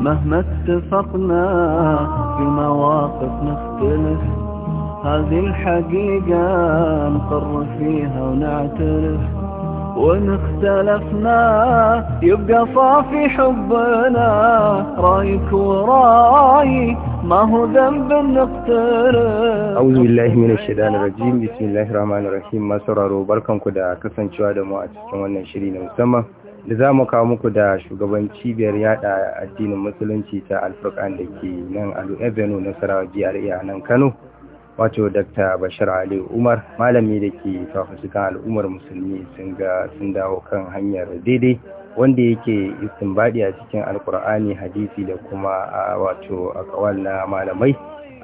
مهما اتفقنا في مواقف نختلف هذه الحقيقة نقر فيها ونعترف وإن اختلفنا يبقى صافي حبنا رايك وراي ما هو ذنب نقترف أعوذ بالله من الشيطان الرجيم بسم الله الرحمن الرحيم ما سرروا بركم كده كسان شوادة مؤسسة وانا شرينا مسمى da za mu kawo muku da shugaban cibiyar yada addinin musulunci ta alfurkan da ke nan alu ebenu nasarawa jihar nan kano wato dakta bashir ali umar malami da ke kan al'ummar musulmi sun ga sun dawo kan hanyar daidai wanda yake istimbaɗi a cikin alkur'ani hadisi da kuma a wato akawal na malamai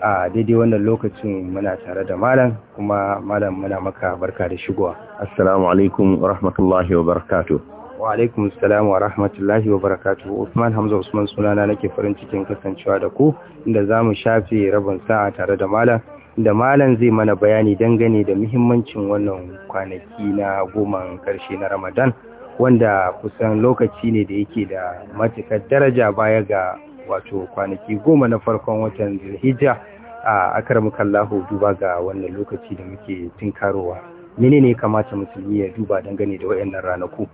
a daidai wannan lokacin muna tare da malam kuma malam muna maka barka da shigowa assalamu alaikum wa rahmatullahi wa barakatuh wa alaikum salam wa rahmatullahi wa barakatu. Usman Hamza Usman sunana nake farin cikin kasancewa da ku inda mu shafe rabin sa'a tare da malam da malam zai mana bayani dangane da muhimmancin wannan kwanaki na goma karshe na Ramadan wanda kusan lokaci ne da yake da matukar daraja baya ga wato kwanaki goma na farkon watan Zulhijja a akarmukallahu duba ga wannan lokaci da muke tinkarowa menene kamata musulmi ya duba dangane da wayannan ranaku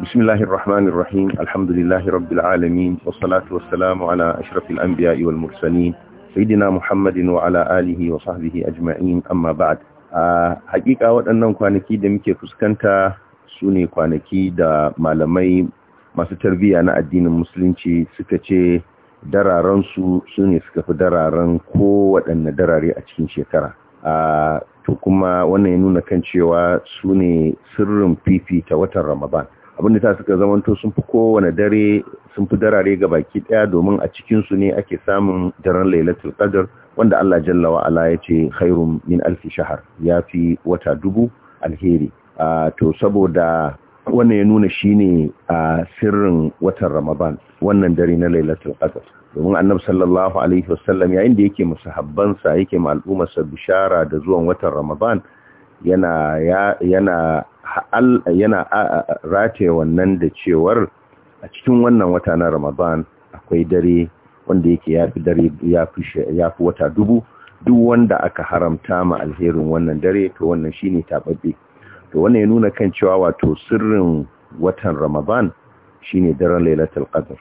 بسم الله الرحمن الرحيم الحمد لله رب العالمين والصلاة والسلام على أشرف الأنبياء والمرسلين سيدنا محمد وعلى آله وصحبه أجمعين أما بعد حقيقة waɗannan kwanaki da muke fuskanta sune kwanaki da malamai masu tarbiyya na addinin musulunci suka ce dararansu su ne suka fi dararan kowaɗanne darare a cikin shekara to kuma wannan ya nuna kan cewa sune ne sirrin fifita watan ramadan abinda ta suka zamanto sun fi kowane dare sun fi darare ga baki daya domin a cikinsu ne ake samun daren lailatul qadr wanda Allah jalla wa ala ya ce khairum min alfi shahar ya fi wata dubu alheri to saboda wannan ya nuna shine a sirrin watan ramadan wannan dare na lailatul qadr domin annab sallallahu alaihi wasallam yayin da yake musahabbansa yake ma sa bishara da zuwan watan ramadan yana yana yana rate wannan da cewar a cikin wannan wata na Ramadan akwai dare wanda yake yafi dare yafi wata dubu duk wanda aka haramta ma alherin wannan dare to wannan shine tababbe to wannan ya nuna kan cewa wato sirrin watan Ramadan shine daren Lailatul Qadr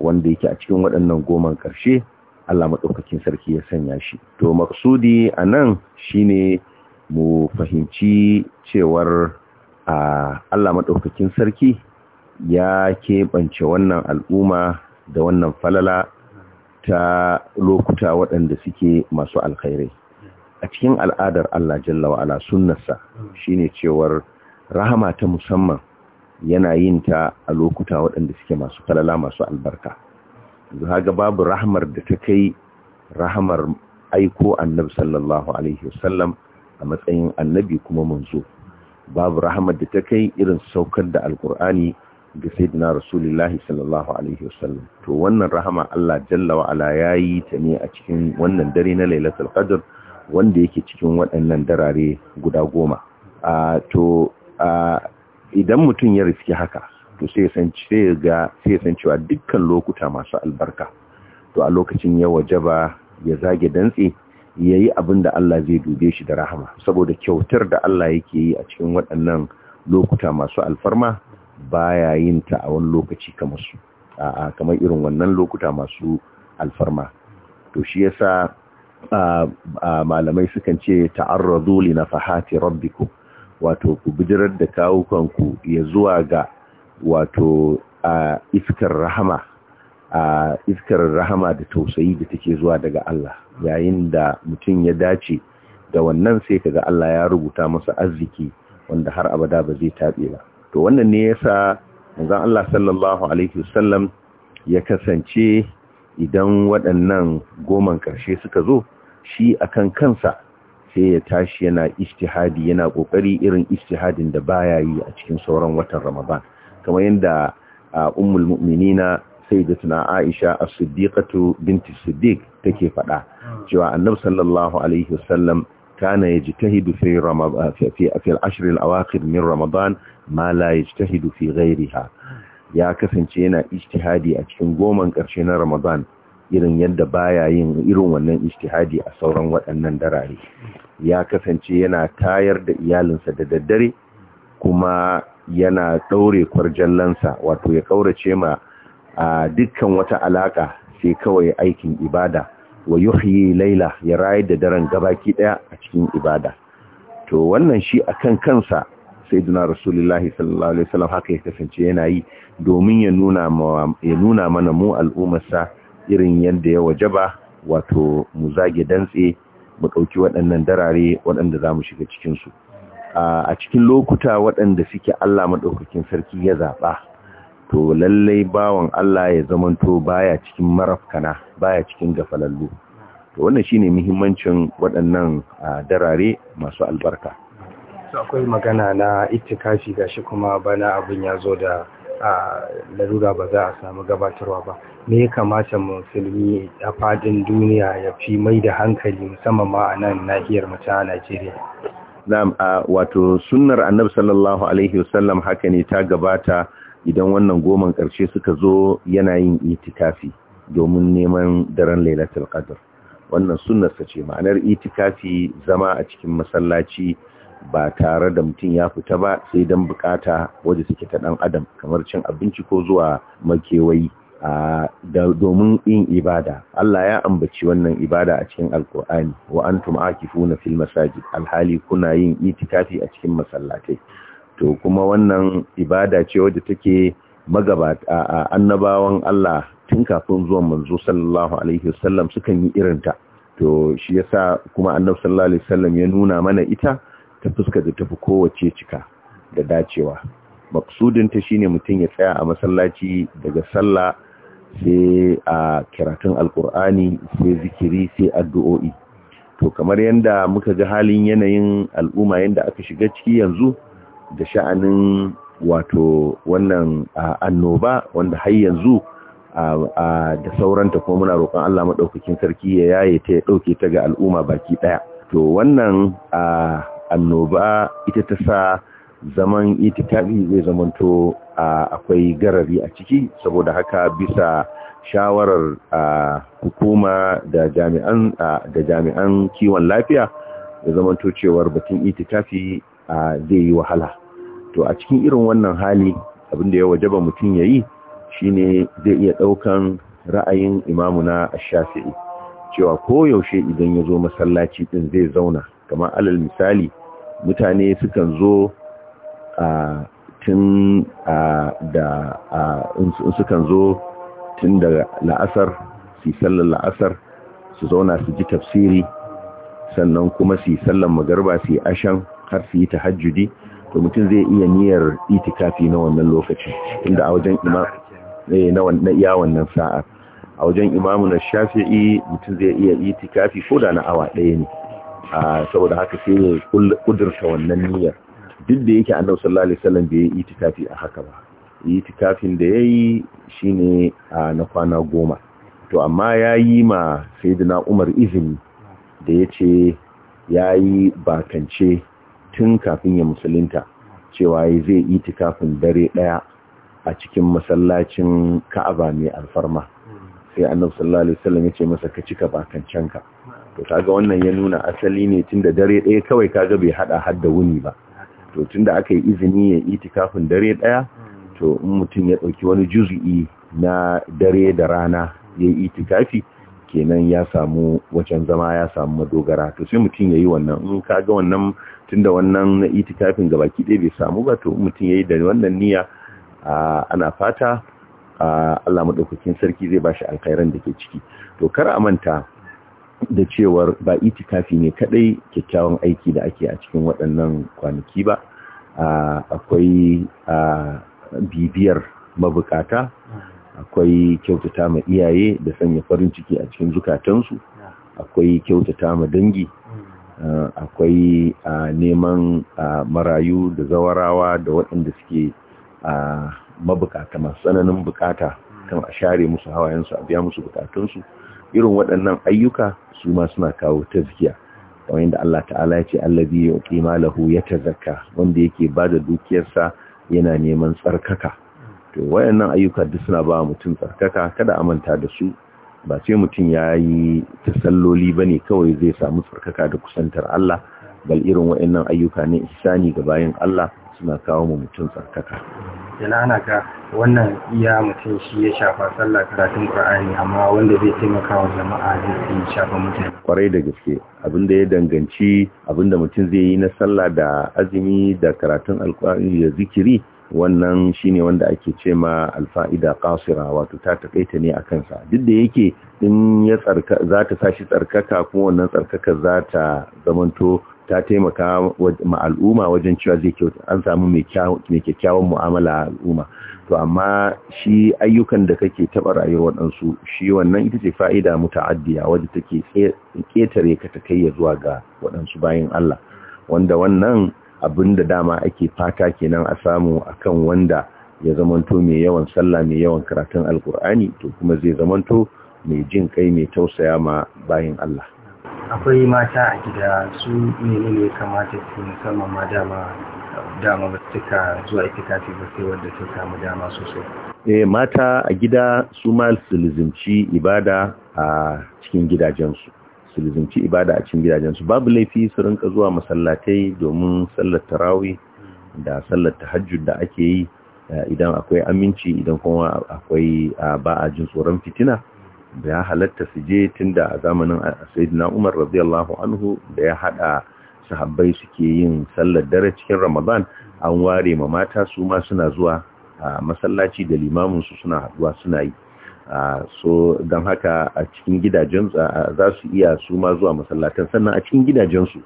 wanda yake a cikin waɗannan goman ƙarshe Allah maɗaukakin sarki ya sanya shi to maksudi anan shine mu fahimci cewar Allah maɗaukakin sarki ya keɓance wannan al'umma da wannan falala ta lokuta waɗanda suke masu alkhairai. A cikin al'adar Allah jalla wa'ala sunnarsa shi ne cewar rahama ta musamman yana yin ta a lokuta waɗanda suke masu falala masu albarka. Zuhaga babu rahamar da ta kai rahamar aiko annabi sallallahu Alaihi wasallam a matsayin annabi kuma manzo babu rahamar da ta kai irin saukar da alkur'ani ga sayyidina rasulullahi sallallahu alaihi wasallam to wannan rahama Allah jalla wa ala yayi ta ne a cikin wannan dare na lailatul qadr wanda yake cikin waɗannan darare guda goma a to idan mutum ya riski haka to sai ya san ga sai ya san cewa dukkan lokuta masu albarka to a lokacin ya wajaba ya zage dantse ya yi abin da Allah zai dube shi da rahama saboda kyautar da Allah yake yi a cikin waɗannan lokuta masu alfarma baya yin ta a wani lokaci kamar su kamar irin wannan lokuta masu alfarma to shi ya sa malamai sukan ce ta'arradu li fahati rabbiku wato ku bijirar da kawukanku ya zuwa ga wato iskar rahama a iskar rahama da tausayi da take zuwa daga Allah yayin da mutum ya dace da wannan sai kaga Allah ya rubuta masa arziki wanda har abada ba zai tabe ba to wannan ne yasa manzon Allah sallallahu alaihi wasallam ya kasance idan waɗannan goman karshe suka zo shi akan kansa sai ya tashi yana ijtihadi yana kokari irin ijtihadin da baya yi a cikin sauran watan Ramadan kamar yadda ummul mu'minina sayyidatuna Aisha a siddiqatu binti Siddiq take faɗa cewa Annabi sallallahu alaihi wasallam kana yajtahidu fi Ramadan fi fi al-ashr min Ramadan ma la fi ya kasance yana ijtihadi a cikin goman ƙarshe na Ramadan irin yadda baya yin irin wannan ijtihadi a sauran waɗannan darare ya kasance yana tayar da iyalinsa da daddare kuma yana ɗaure kwarjallansa wato ya ƙaurace ma a dukkan wata alaka sai kawai aikin ibada wa yuhyi laila ya rayar da daren gabaki daya a cikin ibada to wannan shi akan kansa sayyidina rasulullahi sallallahu alaihi wasallam haka ya kasance yana yi domin ya nuna ya nuna mana mu sa irin yadda ya wajaba wato mu zage dantse mu dauki waɗannan darare waɗanda zamu shiga cikin su a cikin lokuta waɗanda suke Allah madaukakin sarki ya zaba to lallai bawan Allah ya zamanto baya cikin marafkana baya cikin gafalallu to wannan shine muhimmancin waɗannan darare masu albarka akwai magana na ittikashi gashi kuma bana abin ya zo da larura ba za a samu gabatarwa ba me ya kamata musulmi a fadin duniya ya fi mai da hankali musamman ma a nan nahiyar mata a Najeriya na wato sunnar annabi sallallahu alaihi wasallam haka ne ta gabata idan wannan goman ƙarshe suka zo yana yin itikafi domin neman daren lailatul qadr wannan sunnarsa ce ma'anar itikafi zama a cikin masallaci ba tare da mutum ya fita ba sai dan bukata waje suke ta dan adam kamar cin abinci ko zuwa makewayi domin yin ibada Allah ya ambaci wannan ibada a cikin alkur'ani wa antum akifuna fil masajid alhali kuna yin itikafi a cikin masallatai to kuma wannan ibada ce wadda take magabata a annabawan Allah tun kafin zuwan manzo sallallahu alaihi wasallam sukan yi irinta to shi yasa kuma annabawan sallallahu alaihi wasallam ya nuna mana ita ta fuska da tafi kowace cika da dacewa maksudin ta shine mutum ya tsaya a masallaci daga sallah sai a karatun alkur'ani sai zikiri sai addu'o'i to kamar yanda muka ga halin yanayin al'umma yanda aka shiga ciki yanzu da sha'anin wato wannan annoba wanda har yanzu da sauranta kuma muna roƙon Allah maɗaukakin sarki ya yaye ta ya ɗauke ta ga al'umma baki ɗaya. To wannan annoba ita ta sa zaman itikafi zai zamanto akwai garari a ciki saboda haka bisa shawarar hukuma da jami'an kiwon lafiya ya zamanto cewar batun itikafi zai yi wahala to a cikin irin wannan hali abin da ya wajaba mutum ya yi shine zai iya ɗaukan ra'ayin imamuna ash-shafi'i cewa ko yaushe idan ya zo masallaci ɗin zai zauna kamar alal misali mutane sukan zo a tun da sukan zo tun daga la'asar su sallar la'asar su zauna su ji tafsiri sannan kuma su sallar magarba su ashan har su yi hajjudi to mutum zai iya niyyar itikafi na wannan lokacin inda a wajen imam eh, na iya wannan sa'ar a wajen imamu na shafi'i mutum zai iya itikafi ko da na awa ɗaya ne saboda haka sai ya kudurta wannan niyyar duk da yake annabi sallallahu alaihi wasallam bai yi itikafi a haka ba itikafin da yayi shine na kwana goma to amma yayi ma sayyidina Umar izini da yace yayi bakance tun kafin ya musulunta cewa ya zai itikafin dare daya a cikin masallacin Ka'aba mai alfarma sai annabi sallallahu alaihi wasallam ya ce masa ka cika ka to kaga wannan ya nuna asali ne tunda dare daya kawai kaga bai hada har da wuni ba to tunda aka yi izini ya kafin dare daya to in mutum ya dauki wani juz'i na dare da rana ya yi itikafi kenan ya samu wajen zama ya samu madogara to sai mutum ya yi wannan in ka ga wannan tun da wannan na itikafin baki ɗaya bai samu ba to mutum ya yi da wannan niyya ana fata Allah maɗaukakin sarki zai ba shi alkhairan da ke ciki to kar a manta da cewar ba itikafi ne kaɗai, kyakkyawan aiki da ake a cikin waɗannan kwanaki ba akwai bibiyar mabukata akwai kyautata ma iyaye da sanya farin ciki a cikin zukatansu akwai kyautata ma dangi hmm. akwai neman marayu da zawarawa da waɗanda suke mabukata masu tsananin bukata kan a share musu hawayensu a biya musu bukatunsu irin waɗannan ayyuka su ma suna kawo taskiya. zikiya yadda Allah ta'ala ya ce allazi yuqima lahu yatazakka wanda yake ba da dukiyarsa yana neman tsarkaka to wayannan ayyuka duk suna ba mutum tsarkaka kada a manta da su ba sai mutum ya yi tasalloli ba ne kawai zai samu tsarkaka da kusantar Allah bal irin wayannan ayyuka ne isani ga bayan Allah suna kawo mu mutum tsarkaka yana ga wannan iya mutum shi ya shafa sallah karatun qur'ani amma wanda zai taimaka wa jama'a zai shafa mutum. kwarai da gaske abinda ya danganci abinda mutum zai yi na sallah da azumi da karatun alqur'ani da zikiri wannan shine wanda ake ce ma alfa'ida qasira wato ta takaita ne a kansa duk da yake in ya tsarka za ta sashi tsarkaka kuma wannan tsarkaka za ta zamanto ta taimaka ma al'umma wajen cewa zai kyau an samu mai kyakkyawan mu'amala a al'umma to amma shi ayyukan da kake taɓa rayuwar waɗansu shi wannan ita ce fa'ida muta'addiya wadda take ƙetare ka ta kai ya zuwa ga waɗansu bayan Allah wanda wannan Abin da dama ake fata kenan a samu akan wanda ya zamanto mai yawan sallah mai yawan karatun alkur'ani to kuma zai zamanto mai jin kai mai tausaya ma bayan Allah akwai mata a gida su ne menene kamata su musamman ma dama dama ba suka zuwa itikafi ba sai wanda ta samu dama sosai eh mata a gida su ma su ibada a cikin gidajensu su lizinci ibada a cikin gidajensu babu laifi su rinka zuwa masallatai domin sallar tarawih da sallar tahajjud da ake yi eh, idan akwai aminci idan kuma akwai ba a jin tsoron fitina da ya halatta su je tunda a zamanin sayyidina Umar radiyallahu anhu da ya hada sahabbai suke yin sallar dare cikin Ramadan an ware ma mata su ma suna zuwa masallaci da limamin su suna haduwa suna yi so don haka a cikin gidajen za su iya su ma zuwa masallatan sannan a cikin gidajensu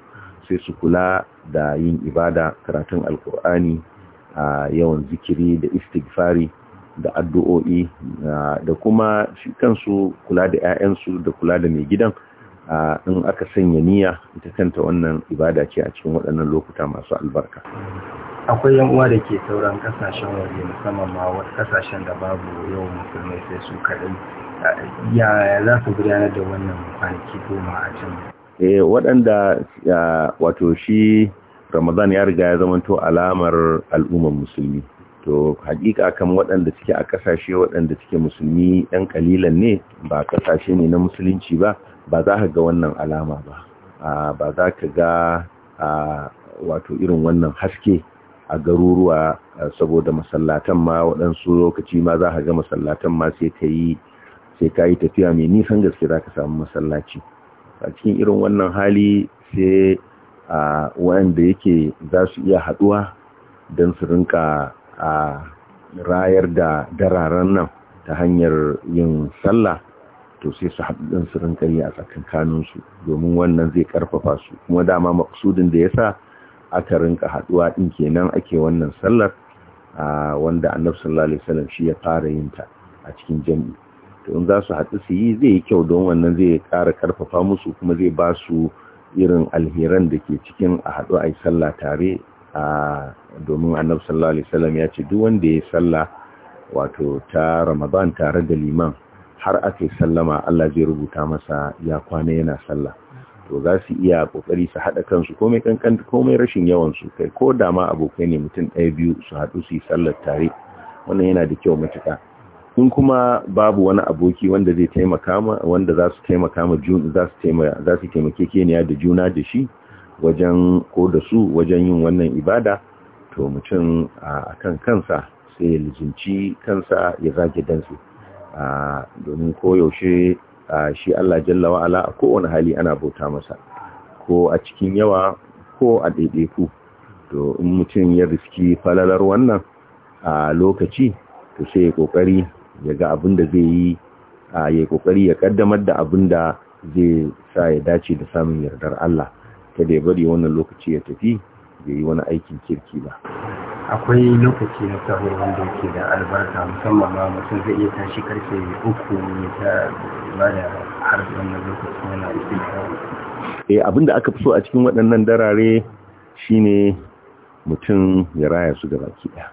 sai su kula da yin ibada karatun alkur'ani a yawan zikiri da istighfari da addu'o'i da kuma kansu kula da 'ya'yansu da kula da mai gidan in aka sanya niyya ita kanta wannan ibada ce a cikin waɗannan lokuta masu albarka akwai yan uwa da ke sauran kasashen waje musamman ma wasu kasashen da babu yawan musulmai sai su kaɗai ya za su gudanar da wannan kwanaki goma a can eh waɗanda wato shi ramadan ya riga ya zamanto alamar al'ummar musulmi to hakika kan waɗanda suke a ƙasashe waɗanda suke musulmi ɗan ƙalilan ne ba ƙasashe ne na musulunci ba ba za ka ga wannan alama ba ba za ka ga wato irin wannan haske a garuruwa saboda masallatan ma waɗansu lokaci ma za ka ga masallatan ma sai ka yi sai ka yi tafiya mai nisan gaske za ka samu masallaci a cikin irin wannan hali sai wanda yake za su iya haɗuwa don su rinka a rayar da dararen nan ta hanyar yin sallah to sai su haɗu ɗin su rinka yi a kanunsu, domin wannan zai ƙarfafa su kuma dama maksudin da ya sa aka rinka haɗuwa ɗin kenan ake wannan sallar wanda annabi sallallahu alaihi shi ya fara yin ta a cikin jami'i to in za su haɗu su yi zai yi kyau don wannan zai ƙara ƙarfafa musu kuma zai ba su irin alheran da ke cikin a haɗu a yi sallah tare domin annabi sallallahu alaihi wasallam ya ce duk wanda ya salla wato ta ramadan tare da liman har aka sallama Allah zai rubuta masa ya kwana yana salla to za su iya kokari su hada kansu komai kankan komai rashin yawan su kai ko da ma abokai ne mutum ɗaya biyu su haɗu su yi sallar tare wannan yana da kyau matuƙa in kuma babu wani aboki wanda zai taimaka ma wanda za su taimaka ma juna za su taimaka za su taimake keniya da juna da shi wajen ko da su wajen yin wannan ibada to mutum a kan kansa sai ya lizinci kansa ya zage dansu domin koyaushe shi Allah jalla wa'ala a kowane hali ana bauta masa ko a cikin yawa ko a ku. to in mutum ya riski falalar wannan a lokaci to sai ya ƙoƙari ya ga abin da zai yi ya ƙoƙari ya ƙaddamar da abin da zai sa ya dace da samun yardar Allah kada ya bari wannan lokaci ya tafi da yi wani aikin kirki ba akwai lokaci na sahur wanda ke da albarka musamman ma mutum zai iya tashi karfe uku ne ta bada har wannan lokacin yana istighfar eh abinda aka fi so a cikin waɗannan darare shine mutum ya raya su ga baki daya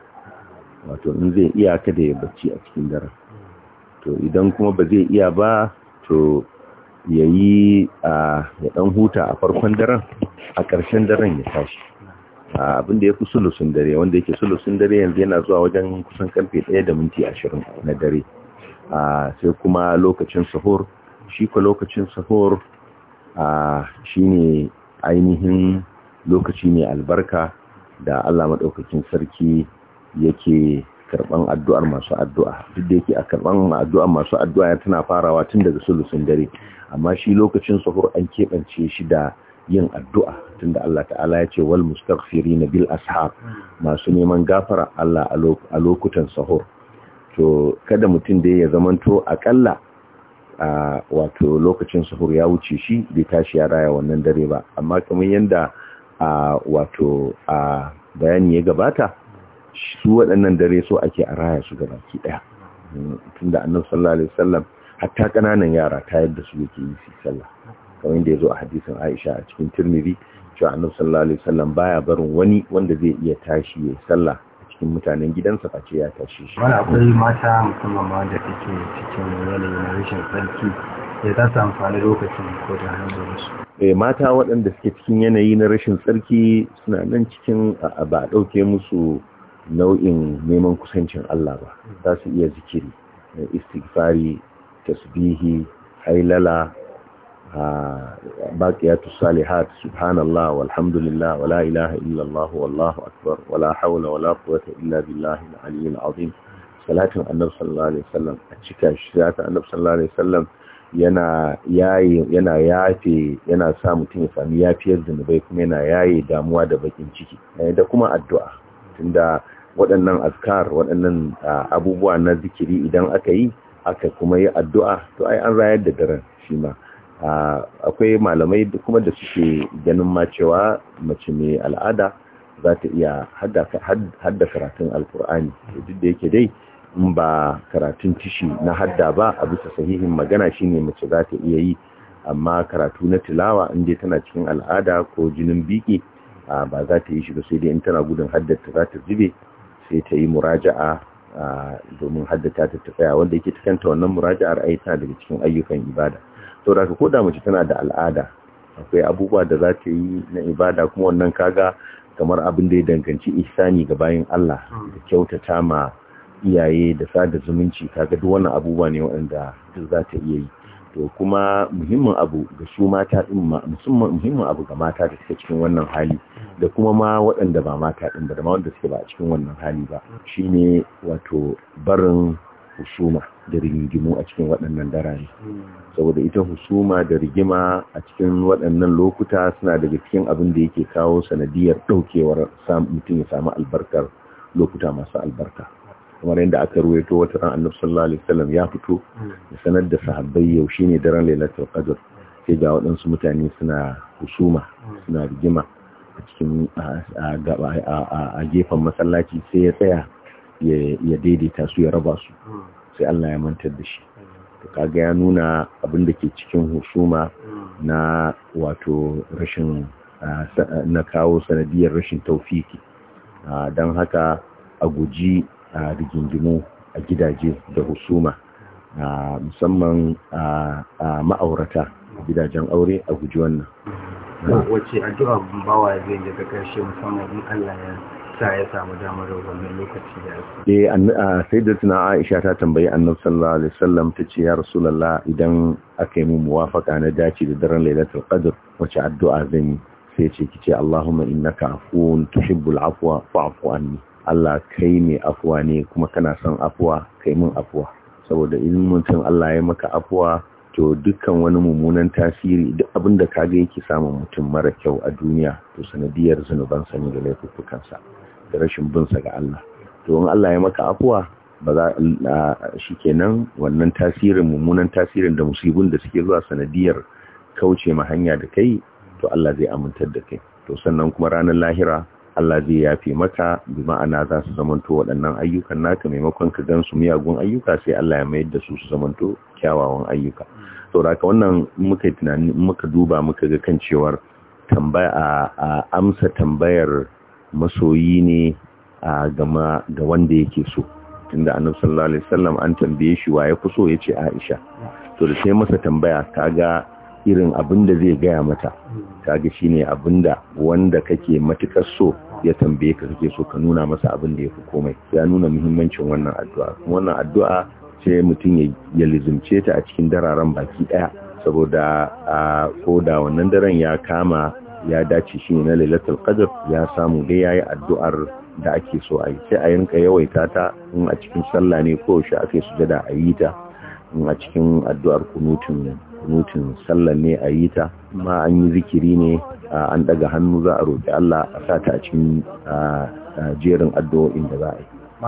wato in zai iya kada ya bacci a cikin daren to idan kuma ba zai iya ba to ya yi ya ɗan huta a farkon daren a ƙarshen daren ya tashi abin da ya fi sulusun dare wanda yake sulusun dare yanzu yana zuwa wajen kusan karfe ɗaya da minti ashirin na dare sai kuma lokacin sahur shi ko lokacin sahur shi ne ainihin lokaci ne albarka da Allah maɗaukakin sarki yake karban addu'ar masu addu'a duk da yake a karban addu'a masu addu'a ya tana farawa tun daga sulusun dare amma shi lokacin sahur an keɓance shi da yin addu'a tunda Allah ta'ala ya ce wal mustaghfirina bil ashar masu neman gafara Allah a lokutan sahur to kada mutum da ya zamanto akalla a wato lokacin sahur ya wuce shi bai tashi ya raya wannan dare ba amma kamar yanda a wato a bayani ya gabata su waɗannan dare so ake a raya su gabaki ɗaya Tun da annabi sallallahu alaihi wasallam hatta kananan yara ta yadda su yake yi fi sallah kamar yadda ya zo a hadisin Aisha a cikin Tirmidhi cewa annabi sallallahu alaihi wasallam baya barin wani wanda zai iya tashi ya sallah a cikin mutanen gidansa face ya tashi shi wani akwai mata musamman ma da take cikin yanayi na rashin tsarki ya za amfani lokacin ko da hannun su eh mata waɗanda suke cikin yanayi na rashin tsarki suna nan cikin ba a ɗauke musu nau'in neman kusancin Allah ba za su iya zikiri istighfari tasbihi hailala baqiyatu salihat subhanallah walhamdulillah wala ilaha illa Allah wallahu akbar wala hawla wala quwwata illa billahi aliyyil azim salatin annabi sallallahu alaihi wasallam a cika shi salatin annabi sallallahu alaihi wasallam yana yayi yana yafe yana sa mutum ya sami yafiyar zunubai kuma yana yayi damuwa da bakin ciki da kuma addu'a tunda waɗannan askar waɗannan abubuwa na zikiri idan aka yi aka kuma yi addu'a to ai an rayar da daren shi ma akwai malamai kuma da suke ganin ma cewa mace mai al'ada za ta iya hadda karatun alkur'ani duk da yake dai in ba karatun tishi na hadda ba a bisa sahihin magana shine mace za ta iya yi amma karatu na tilawa in dai tana cikin al'ada ko jinin biki ba za ta yi shi ba sai dai in tana gudun haddata za ta zube sai ta yi muraja'a domin haddata ta ta tsaya wanda yake kanta, wannan muraja'ar ai tana daga cikin ayyukan ibada to da ko da mace tana da al'ada akwai abubuwa da za ta yi na ibada kuma wannan kaga kamar abin da ya danganci ihsani ga bayan Allah da kyautata ma iyaye da sada zumunci kaga duk wannan abubuwa ne waɗanda duk za ta iya yi to kuma muhimmin abu ga su mata din musamman muhimmin abu ga mata da suke cikin wannan hali da kuma ma waɗanda ba mata din ba da ma wanda suke ba a cikin wannan hali ba shine wato barin husuma da rigima a cikin waɗannan darani saboda ita husuma da rigima a cikin waɗannan lokuta suna daga cikin abin da yake kawo sanadiyar ɗaukewar mutum ya samu albarkar lokuta masu albarka kamar yadda aka ruwaito wata ran annabi sallallahu alaihi wasallam ya fito ya sanar da sahabbai yaushe ne daren lailatul qadr sai ga waɗansu mutane suna husuma suna rigima a cikin a gefen masallaci sai ya tsaya ya daidaita su ya raba su sai Allah ya mantar da shi to kaga ya nuna abin da ke cikin husuma na wato rashin na kawo sanadiyar rashin taufiki don haka a guji a rigingimu a gidaje da husuma musamman a ma'aurata gidajen aure a guji wannan wacce addu'a bawa zai yi daga karshe musamman in Allah ya sa ya samu damar wannan lokaci da ya eh sai da tuna Aisha ta tambayi Annabi sallallahu alaihi wasallam ce ya lalla idan aka yi mu muwafaka na dace da daren Lailatul Qadr wacce addu'a zan yi sai ce kice Allahumma innaka afuwun tuhibbul afwa fa'fu anni Allah kai mai afuwa ne kuma kana son afuwa kai mun afuwa saboda in mutum Allah ya maka afuwa to dukkan wani mummunan tasiri duk abin da kaga yake samun mutum mara kyau a duniya to sanadiyar zunuban sani da laifukansa da rashin bin sa ga Allah to in Allah ya maka afuwa ba za shikenan wannan tasirin mummunan tasirin da musibin da suke zuwa sanadiyar kauce ma hanya da kai to Allah zai amintar da kai to sannan kuma ranar lahira Allah zai yafe maka bi ma'ana za su zamanto waɗannan ayyukan naka maimakon ka gan su miyagun ayyuka sai Allah ya mayar da su su zamanto kyawawan ayyuka saboda ka wannan muka yi tunani muka duba muka ga kan cewar tambaya a amsa tambayar masoyi ne a gama ga wanda yake so tunda annabi sallallahu alaihi an tambaye shi wa ya fi so ya ce Aisha to da sai masa tambaya kaga irin abin da zai gaya mata kaga shine abin da wanda kake matukar so ya tambaye ka kake so ka nuna masa abin da yafi komai ya nuna muhimmancin wannan addu'a wannan addu'a ce mutum ya lizumce ta a cikin dararen baki daya saboda a da wannan daren ya kama ya dace shi na lailatul qadr ya samu dai yayi addu'ar da ake so a yi sai a yanka yawaita ta in a cikin sallah ne ko shi ake sujada a yi ta a cikin addu'ar kunutun Mutum sallar ne a yi ta ma an yi zikiri ne an daga hannu za a roƙi Allah a sa ta cikin jerin addu'o'in da za a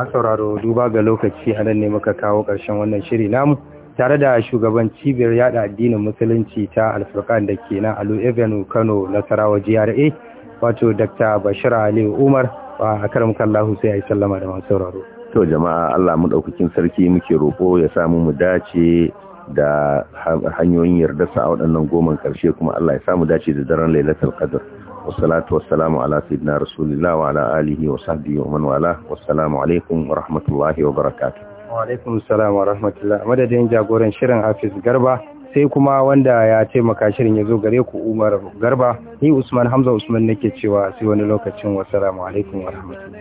yi sauraro, duba ga lokaci a ne muka kawo ƙarshen wannan shiri namu tare da shugaban cibiyar yada addinin musulunci ta alfurkan da ke nan alu evenu kano nasarawa gra wato dr Bashir aliyu umar a muka lahu sai a yi sallama da masu sauraro to jama'a allah mu ɗaukakin sarki muke roƙo ya samu mu dace da hanyoyin yarda sa a waɗannan goman ƙarshe kuma Allah ya samu dace da daren lailatul qadr salatu wassalamu ala sayyidina rasulillah wa ala alihi wa sahbihi wa man wala wassalamu alaikum wa rahmatullahi wa barakatuh wa alaikum assalam wa rahmatullah madadin jagoran shirin Hafiz Garba sai kuma wanda ya taimaka shirin ya zo gare ku Umar Garba ni Usman Hamza Usman nake cewa sai wani lokacin wassalamu alaikum wa rahmatullah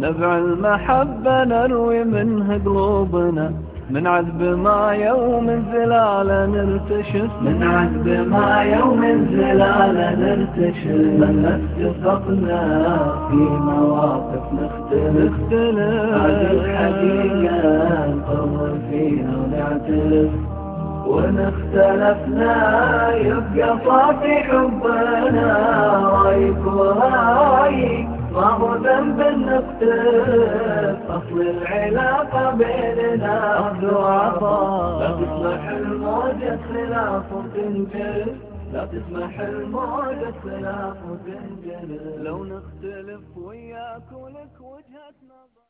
نبع المحبة نروي منه قلوبنا من عذب ما يوم زلالة نرتشف من عذب ما يوم زلالة نرتشف من اتفقنا في مواقف نختلف نختلف هذه الحقيقة نطور فيها ونعترف وإن اختلفنا يبقى صافي حبنا رايك ورايك ما هو ذنب نقتل أصل العلاقة بيننا ضعفاء لا تسمح الموجة خلاف تنجلس لا تسمح لو نختلف وياك ولك وجهة نظر